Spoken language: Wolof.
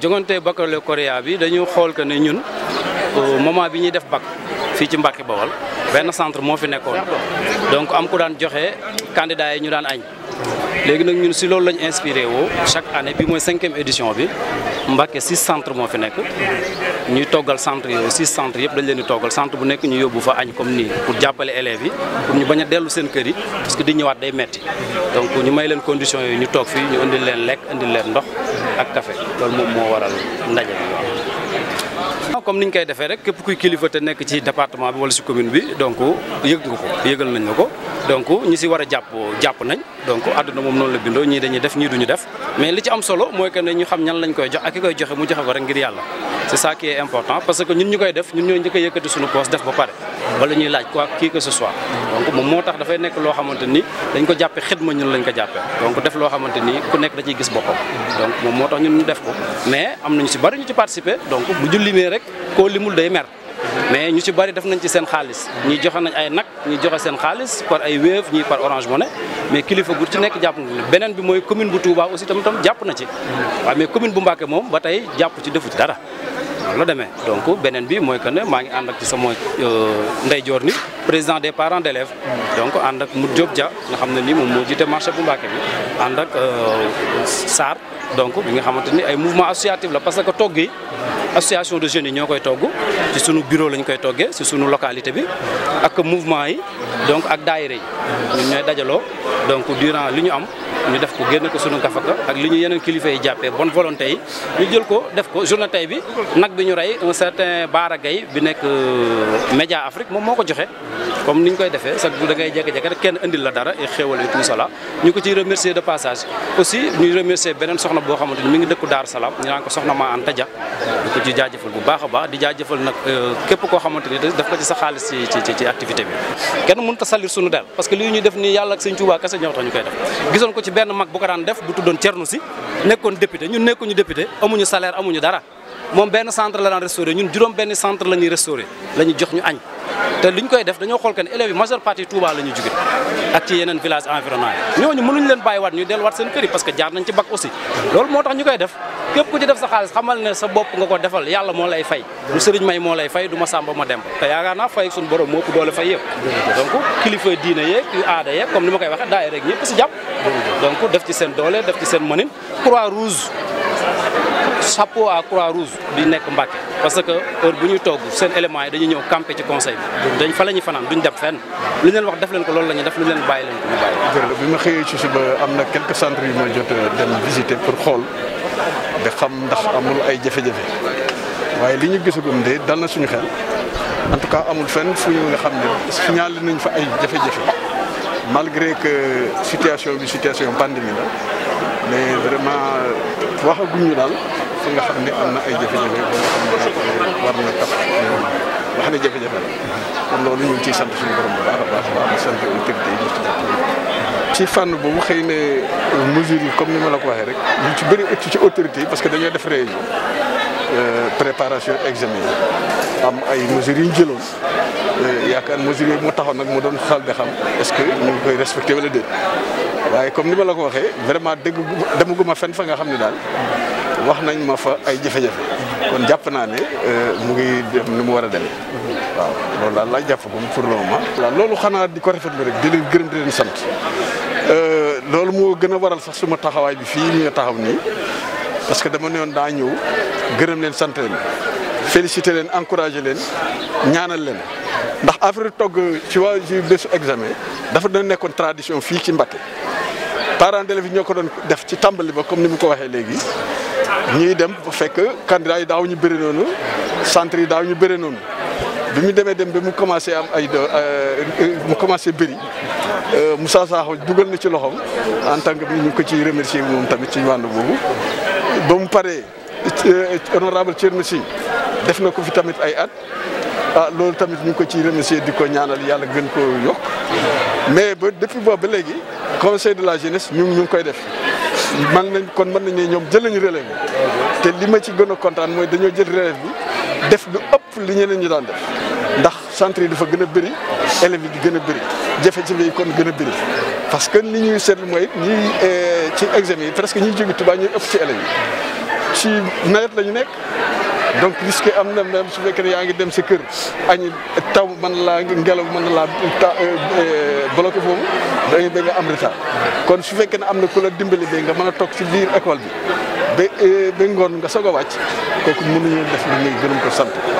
jogante baccalauréat Korea bi dañu xool que ne ñun moment bi ñuy def bac fii ci Mbacke Bawal benn centre moo fi nekkoon donc am ku daan joxe candidat yi ñu daan añ léegi nag ñun si loolu lañ inspiré woo chaque année bi mooy cinquième édition bi Mbacke six centre moo fi nekk ñuy toggal centre yooyu six centre yëpp dañ leen di toggal centre bu nekk ñu yóbbu fa añ comme nii pour jàppale élèves yi pour ñu bañ dellu seen kër yi parce que di ñëwaat day metti don ñu may leen conditions yooyu ñu toog fii ñu indil leen lekk indil leen ndox ak café loolu moom moo waral ndaje bi waaw comme ñu koy defee rek képp kuy kilifa te nekk ci département bi wala si commune bi donc yëg nga ko yëgal nañ la ko donc ñi si war a jàpp jàpp nañ donc àdduna moom noonu la bindoo ñii dañuy def ñii duñu def mais li ci am solo mooy que ne ñu xam ñan lañ koy jox ak ki koy joxe mu joxe ko rek ngir yàlla c'est ça qui est important parce que ñun ñu koy def ñun ñoo njëkk a yëkkati suñu poos def ba pare wala ñuy laaj quoi kii que ce soit donc moom moo tax dafay nekk loo xamante ni dañ ko jàppe xidma ñun lañ ko jàppe donc def loo xamante ni ku nekk da ciy gis boppam donc moom moo tax ñun ñu def ko mais am nañu si bari ci participer donc bu ñu limee rek koo limul day mer mais ñu ci bari def nañ ci seen xaalis ñi joxe nañ ay nag ñi joxe seen xaalis par ay Wave ñi par Orange ne mais kilifa gu ci nekk jàpp na beneen bi mooy commune bu Touba aussi tam tam jàpp na ci mm. waaw mais commune bu Mbacké moom ba tey jàpp ci defu ci dara noonu la demee donc beneen bi mooy que ne maa ngi ànd ak ci sama euh, ndeyjoor ni président des parents d'élèves donc ànd ak Mout Diop Dia nga xam ne nii moom moo jiite marché bu Mbacké bi ànd ak euh, Sarr donc bi nga xamante ni ay mouvement associatif la parce que togg yi association de jeunes yi ñoo koy togg ci sunu bureau lañ koy toggee si sunu localité bi ak mouvement yi donc ak daayira yi ñun ñooy dajaloo donc durant li ñu am ñu def ko génne ko sunu kafaka ak li ñu yeneen kilifa yi jàppee volonté yi ñu jël ko def ko journée tey bi nag bi ñu rey un certain Baara bi nekk euh, Média Afrique moom moo ko joxe comme ni ñu koy defee sa da ngay jékki-jékki rek kenn indil la dara et xéewal yi tout cela ñu ko ciy remercier de passage aussi ñuy remercier beneen soxna boo xamante ni mi ngi dëkku Daaru Salaam ñu naan ko soxna ma Anta Dia ko ciy jaajëfal bu baax a baax di jaajëfal nag euh, képp koo xamante ni daf ko ci sa xaalis ci ci bi kenn a salir sunu del parce que lii ñuy def nii benn mag bu ko daan def bu tuddoon Cerno si nekkoon député ñun nekkuñu député amuñu salaire amuñu dara moom benn centre la daan restauré ñun juróom benn centre la ñuy restauré la ñu jox ñu añ te li ñu koy def dañoo xool que ne yi majeure partie Touba la ñu jóge ak ci yeneen village environnant yi ñooñu mënuñu leen bàyyiwaat ñu delluwaat seen kër parce que jaar nañ ci bac aussi loolu moo tax ñu koy def képp ku ci def sa xaalis xamal ne sa bopp nga ko defal yàlla moo lay fay lu sëriñ may moo lay fay du ma sàmba ma dem te yaakaar naa fay suñu borom moo ko doole comme ni ma koy waxee daay rek ñëpp si jàpp donc def ci seen doole def seen chapeau à Croix-Rouge bi nekk Mbacké parce que heure bu ñuy togg seen éléments yi dañuy ñëw campé ci conseil bi dañ fa la ñuy fanaan duñ dem fenn lu ñu leen wax def leen ko loolu la ñuy def lu leen bàyyi leen ko ñu bi ma xëyee ci suba am na quelques centres yu ma jot dem visiter pour xool da xam ndax amul ay jafe waaye li ñu gisagum de dal na suñu xel en tout cas amul fenn fu ñu nga xam ne leen nañ fa ay jafe-jafe malgré que situation bi situation pandémie la. mais vraiment waxaguñ ñu daal fi nga xam ne am na ay jafe-jafe ba nga xam ne war ne jafe kon loolu ñu ngi ciy sant suñu borom bu baax a baax waaw sant ci jàpp ci fànn boobu xëy na mesures yi comme ni ma la ko waxee rek ñu ci bëri ëtt ci autorité yi parce que dañoo def réunion euh, préparation examen yi am ay mesures yi ñu jëloon euh, yaakaar mesures yi mu taxoon nag moo doon xal de xam est-ce que ñu ngi koy respecté wala déet waaye comme ni ma la ko waxee vraiment dégg demaguma fen fa nga xam ne daal wax nañ ma fa ay jafe-jafe kon jàpp naa ne euh, mu ngi dem ni mu war a demee waaw loolu daal laa jàppagum pour le moment. waaw loolu xanaa di ko rafetlu rek di leen gërëm di leen sant euh, loolu moo gën a waral sax suma taxawaay bi fii ñu taxaw nii parce que dama ne daa ñëw gërëm leen sant leen félicité leen encouragé leen ñaanal leen ndax affaire togg ci waa ci bésu examen dafa dana nekkoon tradition fii ci Mbacké. parents d'élèves yi ñoo ko doon def ci tàmbali ba comme ni mu ko waxee léegi ñuy dem bu fekk candidat yi daaw ñu bëri noonu centre yi daaw ñu bëri noonu bi mu demee dem ba mu commencé am ay euh, mu commencé bëri euh, Moussa Sakho dugal na ci loxoom en tant bi ñu ko ciy remercier moom tamit ci wàll boobu ba mu paree euh, honorable Thierno Sy def na ko fi tamit ay at ah loolu tamit ñu ko ci remercier di ko ñaanal yàlla gën koo yokk mais ba depuis boobu léegi. conseil de la jeunesse ñu ñu ngi koy def man nañ kon mën nañ ne ñoom jël nañu relève bi te lii ma ci gën a kontaan mooy dañoo jël relève bi def lu ëpp li ñeneen ñu daan def ndax centre yi dafa gën a bëri élèves yi di gën a bëri jafe-jafe yi kon gën a bëri parce que li ñuy seetlu mooy ñi eh, ci examen yi presque ñi jóge Tuubaa ñuy ëpp ci élèves yi ci nawet la nekk donc risque am na même su fekkee ne yaa ngi dem si kër añ taw mën laa ngelaw mën laa ta euh, euh, bloqué foofu dañu da nga am retard kon su fekkee ne am na ku la dimbali ba nga mën a toog ci biir école bi ba euh, ba ngoon nga soog a wàcc kooku mënuñu def lu ñuy gërëm ko sant